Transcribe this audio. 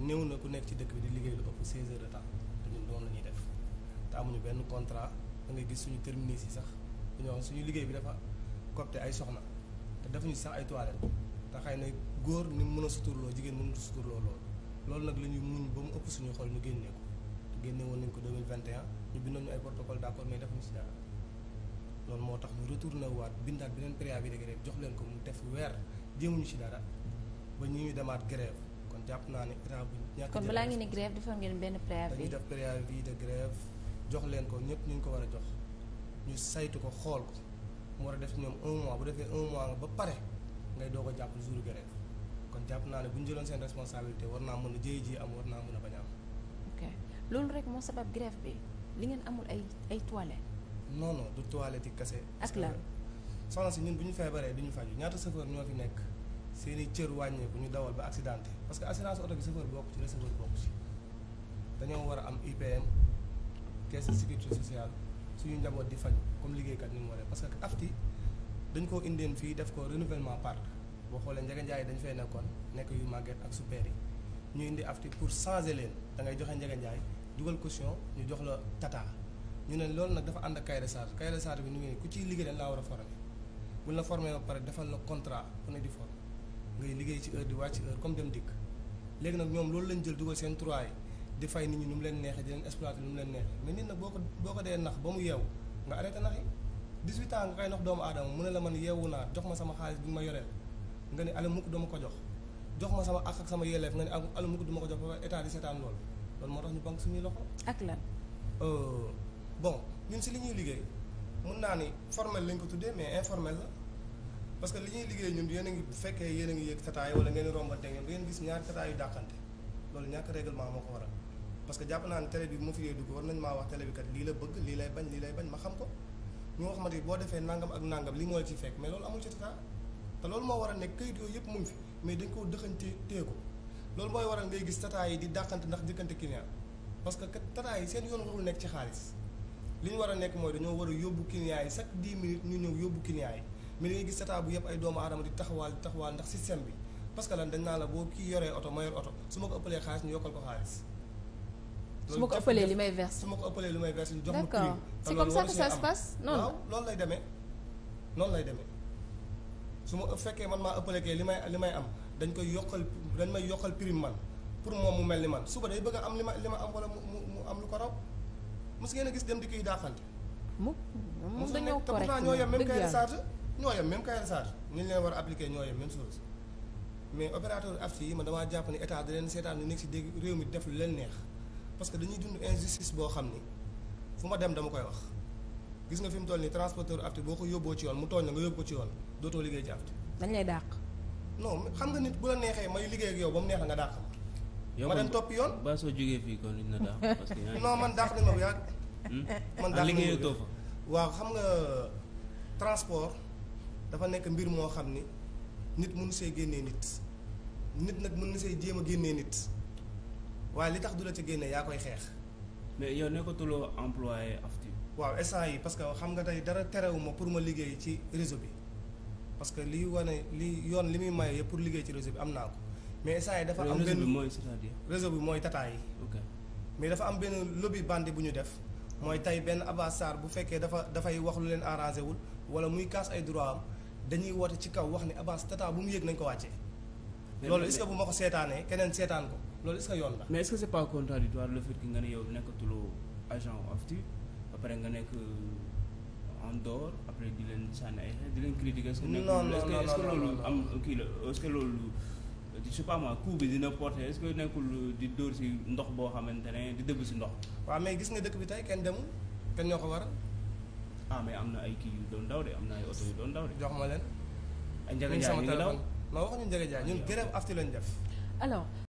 néew na ku nekk ci dëkk bi di liggéey lu ëpp 16 heures de temps te ñun moom ñuy def te amuñu benn contrat da ngay gis suñu terminus yi sax dañoo xam suñu liggéey bi dafa copte ay soxna te ñu sax ay toilettes te xëy na góor ni mu mën a suturloo jigéen mënut a suturloo loolu loolu nag la ñuy muñ ba mu ëpp suñu xol ñu génnee ko génne woon nañ ko 2021 ñu bindoon ñu ay protocole d'accord mais defuñu si dara loolu moo tax ñu na waat bindaat beneen préavis de grève jox leen ko mu def weer jéemuñu si dara ba ñu ñu demaat grève jàpp naa ne état bu ñàkk kon balaa ngeen di grève defoon ngeen benn préavis dañuy jox leen ko ñëpp ñu ñu ko war a jox ñu saytu ko xool ko war a def ñoom un mois bu defee un mois ba pare ngay doo ko jàpp jour grève kon jàpp naa ne bu ñu jëloon seen responsabilité war naa mën a jëye ji am war a bañ a am. loolu rek moo sabab grève bi li amul ay ay toilettes. non du toilette yi kese. ak la ñun bu ñu feebaree du ñu faju ñaata chauffeur ñoo fi nekk. seeni cër wàññeeku ñu dawal ba accidenté parce que assurance oto bi chauffeur bokk ci receveur bokk ci dañoo war a am IPM caisse de sécurité sociale suñu njaboot di faju comme liggéeykat ni mu waree parce que afti dañ koo indeen fii def ko renouvellement parc boo xoolee njegenjaay dañ fay nekkoon nekk yu màgget ak super yi ñu indi afti pour changer leen da ngay joxe njegenjaay dugal caution ñu jox la tata ñu ne loolu nag dafa ànd ak cahier de charge cahier de charge ku ciy liggéey dañ war a former buñ la former ba pare defal la contrat ku ne di former ngay liggéey ci heure di wàcc heure comme dem dikk léegi nag ñoom loolu lañ jël dugal seen trois yi di fay nit ñi nu mu leen neexee di leen exploiter nu mu leen neexee mais nit nag boo ko boo ko dee nax ba mu yeewu nga arrêté nax yi 18 ans nga koy nax doomu aadama mu ne la man yeewu naa jox ma sama xaalis bi ñu ma yoreel nga ne ala mukk duma ko jox jox ma sama ak sama yelleef nga ne ala mukk ma ko jox ba état di seetaan loolu loolu moo tax ñu banque suñuy loxo. ak lan. Euh, bon ñun si li ñuy liggéey mën naa ni formel lañ ko tuddee mais informel la. parce que li ñuy liggéey ñun yéen a ngi bu fekkee yéen a ngi yëg tataay wala ngeen rombante ngeen ngeen gis ñaari tataay yu dàqante loolu ñàkk règlement moo ko waral parce jàpp naa ne télé bi bu ma fi yee dugg war nañ maa wax télé bi kat lii la bëgg lii lay bañ lii lay bañ ma xam ko ñu wax ma te boo defee nangam ak nangam li moo ci fekk mais loolu amul ci tataay te loolu moo a nekk kayit yëpp mu ngi fi mais dañ koo dëxante téye ko loolu mooy waral ngay gis tataay yi di dàqante ndax jëkkante client parce que tataay yi seen yoon nekk ci xaalis li ñu war nekk mooy dañoo war a yóbbu client yi ñu ñëw yóbbu client yi mais da gis état bu yëpp ay doomu adama di taxawaal di taxawaal ndax système bi parce que lan dañ naa la boo kii yoree oto ma yor oto su ma ko ëppalee xaalis ñu yokkal ko xaalis. su ma ko ëppalee li may verse su ma ëppalee li may verse ñu jox ma prix. c'est comme ça que ça noonu waaw loolu lay demee noonu lay demee su ma fekkee man maa ëppale kee li may li may am dañ koy yokkal dañ may yokkal prime man pour moom mu mel ni man suba day bëgg a am li ma li ma am wala mu mu am lu ko raw mos ngeen a gis dem di kii daaxante. mu mu dañoo correct ñoo yem même kay charge ñoo yem même Kayar Sarr ni ñu leen war a appliquer ñoo yem même chose mais opérateur AFTI yi man damaa jàpp ni état da seetaan ni nekk si dégg réew mi def lu leen neex parce dañuy dund injustice boo xam ni fu ma dem dama koy wax gis nga fi mu toll nii transporteur AFTI boo ko yóbboo ci yoon mu tooñ la nga yóbbu ko ci yoon dootoo liggéey ci AFTI. dañ lay dàq. non xam nga nit bu la neexee may liggéey ak yow ba mu neex nga dàq ma. ma dem topp yoon ba soo jógee fii kon liñ ma bu yàgg. Hmm? man ah, dàq nañ xam nga transport. dafa nekk mbir moo xam ni nit mënu see génnee nit nit nag mën na see jéem a génnee nit waaye li tax du la ci génne yaa koy xeex. mais yow nekkatuloo employé afti waaw instant yi parce que xam nga tey dara terewuma pour ma liggéey ci réseau bi parce que liy wane li yoon li muy maye yëpp pour liggéey ci réseau bi am naa ko mais instant yi dafa am benn réseau bi mooy tataa mais dafa am benn lobby bandi bu ñu def mooy tey benn Abass bu fekkee dafa dafay wax lu leen arrangé wul wala muy kaas ay droit am dañuy woote ci kaw wax ni avance tata bu mu yëg nañ ko wàccee. loolu est-ce bu ma ko seetaanee keneen seetaan ko loolu est yoon la. mais est-ce que c'est pas contradictoire le fait que nga ba pare nga nekk en dehors après di leen sànni di leen critiquer. est-ce que est-ce que loolu am kii la est-ce que loolu. je sais pas moi coup bi dina porter est nekkul di dóor si ndox boo xamante ne di dëbb si ndox. waaw mais gis nga dëkk bi tey kenn demul kenn ñoo ko waral. temps mais am na ay kii yu doon daw am na ay oto yu doon daw de. jox ma leen. ay Ndiaga Ndiaye ñu ngi daw non waxuñu Ndiaga Ndiaye ñun grève afti lañ def alors.